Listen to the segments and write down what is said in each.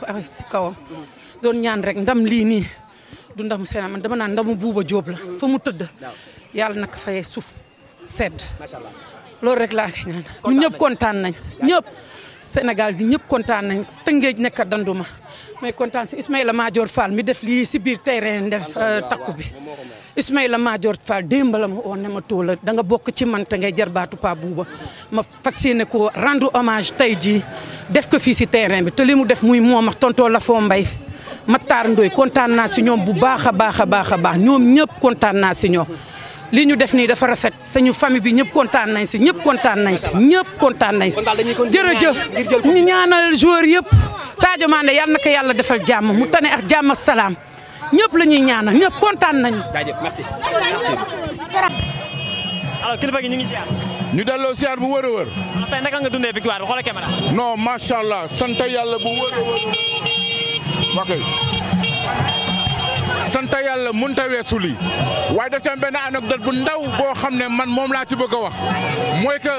suuf ak si kawam doon ñaan rek ndam lii nii du ndamu seen man dama naan ndamu buuba jóob la fa mu tëdd yàlla naka fayee suuf sedd loolu rek laa koy ñaan ñun ñëpp kontaan nañ ñëpp Sénégal gi ñëpp kontaan nañ tëngeej nekk danduma may kontaan si Ismaïla Madior Fall mi def lii si biir terrain def euh, takku bi Ismaïla Madior Fall démb la ma woon ne ma tóola da nga bokk ci man te ngay jarbaatu Pa Bouba ma vacciné ko rendre hommage tey jii def ko fii si terrain bi te li mu def muy moom ak tontoo la foo mbay Matar Ndoye kontaan naa si ñoom bu baax a baax a baax a baax ñoom ñëpp kontaan naa si ñoom li ñu def nii dafa rafet sañu famille bi ñëpp kontaan nañ si ñëpp kontaan nañ si ñëpp kontaan nañ si jërëjëf ñaanal joueur yëpp Sadio Mané yal na ko yàlla defal jàmm mu tane ak jàmm salaam ñëpp la ñuy ñaanal ñëpp kontaan nañu. jaajëf merci. alors kilifa gi ñu ngi ziar. ñu delloo bu wër a wër. tey naka nga dundee victoire bi xoolal allah sant yàlla bu wër a sant yàlla mënut ta weesu lii waaye daf ci am benn anecdote bu ndaw boo xam ne man moom laa ci bëgg a wax mooy que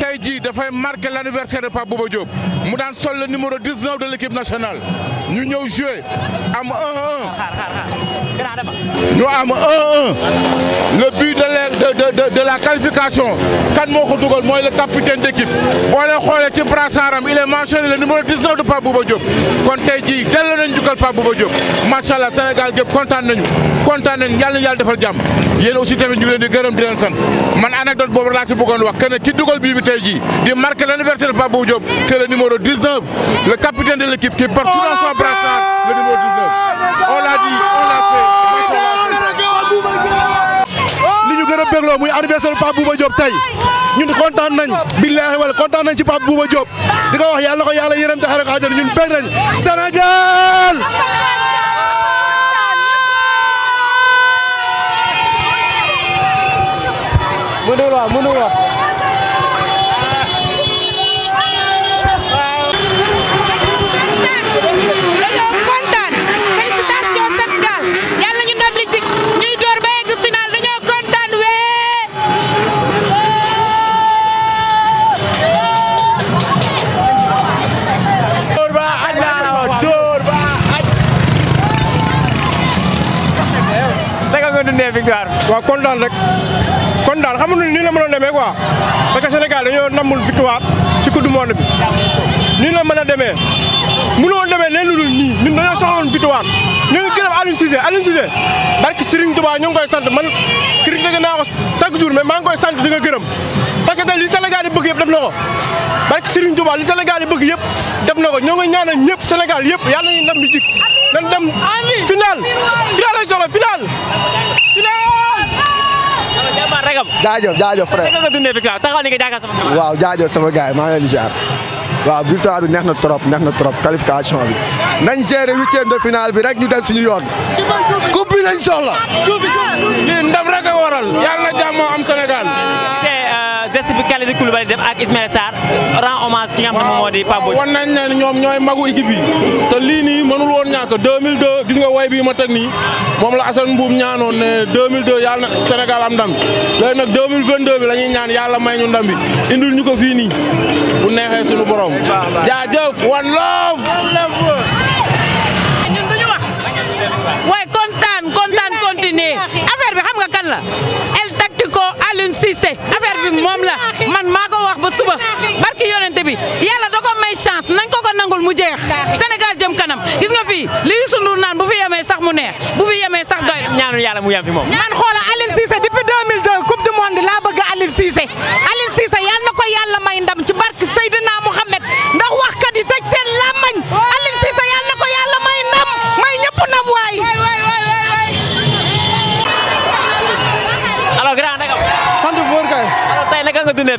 tey jii dafay marqué l' anniversaire de Pape Bouba Diop mu daan sol le numéro 19 de l' équipe nationale ñu ñëw joué am 1-1. ñu am 1-1 le but de la de de la qualification kan moo ko dugal mooy le capitaine d' équipe boo leen xoolee ci brassaaram il est mentionné le numéro 19 de Pape Bouba kon tey jii delloo nañ jukkal Pape Bouba Diop macha allah Sénégal gépp kontaan. kontaan nañu kontaan nañu yàlla na yàlla defal jàmm yéen aussi tamit ñu ngi leen di gërëm di leen sant man anecdote boobu laa si bëggoon wax que ne ki dugal bii bi tey jii di marqué l'anniversaire Pape Bou Diop c'est le numéro le capitaine de l'équipe qui porte dans son brassard le numéro 19 on ñu gën a nañ billaahi wala kontaan nañ ci Pape Bouba Diop di ko wax yàlla ko yàlla yërëm te xare ko àjjana nga dundee victoire bi. waaw a rek kontaan xam nga nii la mënoon demee quoi parce que Sénégal dañoo namul victoire ci coupe du monde bi nii la mën demee. mu demee leen lu dul nii ñun dañoo soxla woon victoire ñu gërëm Aliou Cissé Aliou Cissé barki Serigne Touba ñu ngi koy sant man critique naa ko chaque jour mais maa ngi koy sant di nga gërëm parce que tey li Sénégal yi bëgg yëpp def na ko barki Serigne Touba li Sénégal yi bëgg yëpp ñoo ngi ñaanal ñëpp senegal yëpp yàlla nañu ndam bi jik nan dem final final lañ soxla final final jàmm jaajëf jaajëf frère taxaw ni nga jàkkaar sama gars waaw jaajëf sama gars yi maa ngi leen di ziar waaw victoire bi neex na trop neex na trop qualification bi nañ gérer huitième de finale bi rek ñu dem suñu yoon coupe bi lañ soxla lii ndam rek a waral yàlla na jàmm moo am Sénégal match bi Kalidou Koulibaly def ak Ismaïla Sarr rend hommage ki nga xam ne moom moo di Pape Boye. waaw wan nañ ne ñoom ñooy magu équipe yi te lii nii mënul woon ñàkk 2002 gis nga way bii ma teg nii moom la Assane Mbuub ñaanoon ne 2002 yàlla na Sénégal am ndam léegi nag 2022 bi la ñuy ñaan yàlla may ñu ndam bi ñu ko fii nii bu neexee suñu borom. jaajëf one love. ñun du ñu wax. waay kontaan kontaan continuer affaire bi xam nga la. Alioune Cissé affaire bi moom la man maa wax ba suba barki yonente bi yàlla da ko may chance nañ ko ko nangul mu jeex Sénégal jëm kanam gis nga fii li Youssou Ndour naan bu fi yemee sax mu neex bu fi yemee sax doy ñaanu yàlla mu yem fi moom man xoola Alioune Cissé depuis 2002 coupe du monde laa bëgg Alioune Cissé Alioune Cissé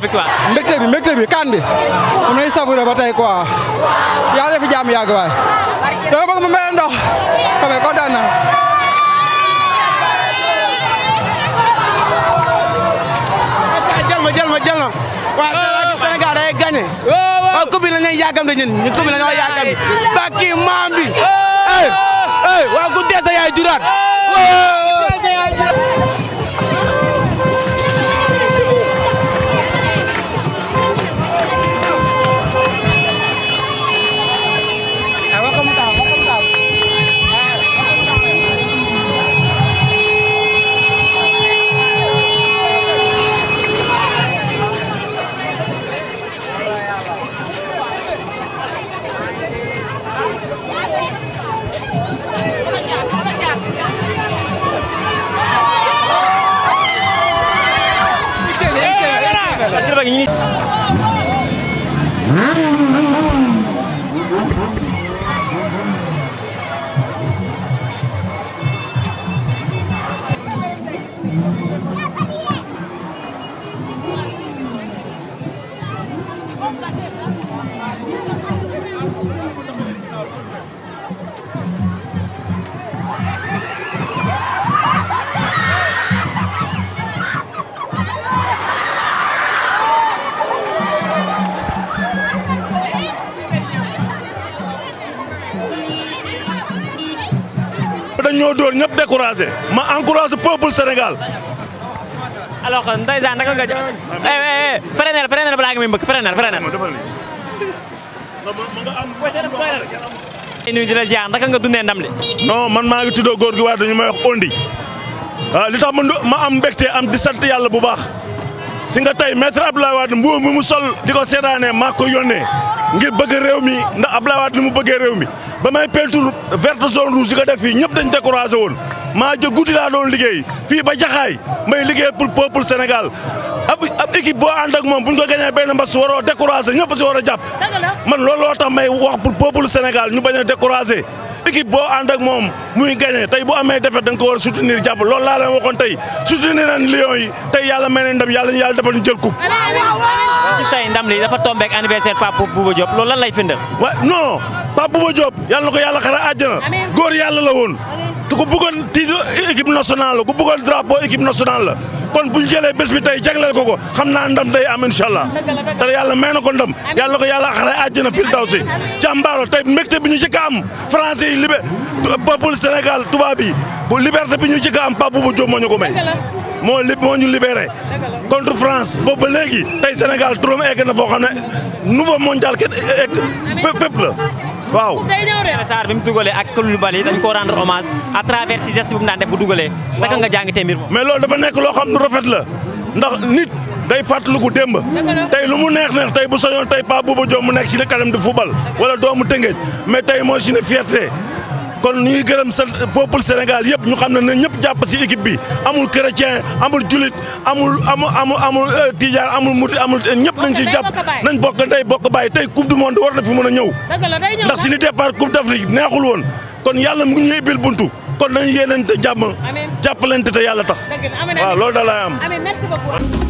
première victoire. mbégte bi mbégte bi kan bi am nay savouré ba tey quoi yàlla fi jàmm yàgg waay dama bëgg mu mel ndox xam nga kontaan naa oh, gane oh, waaw coupe bi la ñuy yàggam de ñun ñun coupe bi la ñuy yàggam oh. bàkki maam bi eh eh waaw ku dee sa yaay juraat ma dóor ñëpp découragé ma encouragé peuple Sénégal. alors ndeysaan naka nga. Eh, eh, eh, frenel frenel balaa nga muy mbëkk frenel frenel. nuyu di la ziar naka nga dundee ndam li. non man maa ngi tuddoo góor gi waaye dañu may wax ondi ah, li tax ma am mbégte am di sant yàlla bu baax si nga tey maître Abdoulaye Wade mbuum mi mu sol di ko seetaanee maa ko yónnee ngir bëgg réew mi ndax Abdoulaye Wade ni mu bëggee réew mi. ba may peinture verte zone rouge di ko def fii ñëpp dañ découragé woon maa jóg guddi laa liggéey fii ba jaxaay may liggéey pour peuple Sénégal ab ab équipe boo ànd ak moom bu ñu ko gañee benn mbas waroo découragé ñëpp si war a jàpp man looloo tax may wax pour peuple Sénégal ñu bañ a découragé équipe boo ànd ak moom muy gagné tey bu amee défaite da nga ko war a soutenir jàpp loolu laa leen waxoon tey soutenir nañ Lions yi tey yàlla may nañ ndam yàlla ñu yàlla defal jël coupe. waaw waaw waaw. gis tey ndam li dafa tombé lan lay firndeel. wa Pape Bouba Diop yàlla ko yàlla xara àjjana góor yàlla la woon te ku bëggoon titre équipe nationale la ku bëggoon drapeau équipe nationale la kon bu ñu jëlee bés bi tey jagleel ko ko xam naa ndam day am incha allah te yàlla may na ko ndam yàlla ko yàlla xare àjjana fil daw si jàmbaaro tey mbégte bi ñu jëkk am français yi libé peuple Sénégal tubaab yi bu liberté bi ñu jëkk am Pape Bouba Diop moo ñu ko may moo li moo ñu libéré contre France boobu ba léegi tey Sénégal turam egg na foo xam ne nouveau la waaw Sarr bi mu dugalee ak Kalidou Bally dañ ko rendre hommage à travers ci geste bu mu daan def bu dugalee naka nga jàngatee mbir moom mais loolu dafa nekk loo xam ne rafet la ndax nit day ku démb tey lu mu neex neex tey bu soñoon tey Pape Bouba Diop mu nekk si ne kanam di football wala doomu Tëngéej mais tey moo ci ne fierté kon ñuy gërëm sa peuple Sénégal yëpp ñu xam ne na ñëpp jàpp si équipe bi amul chrétien amul julit amul amul amul amul euh, tijaan amul muti amul ñëpp nañ si jàpp nañ bokk ndey bokk bàyyi tey coupe du monde war na fi mën a ñëw ndax suñu ah. départ coupe d'Afrique neexul woon kon yàlla mu ngi ñuy bil buntu kon nañ yéenante jàpp jàppalante te yàlla tax waaw loolu da am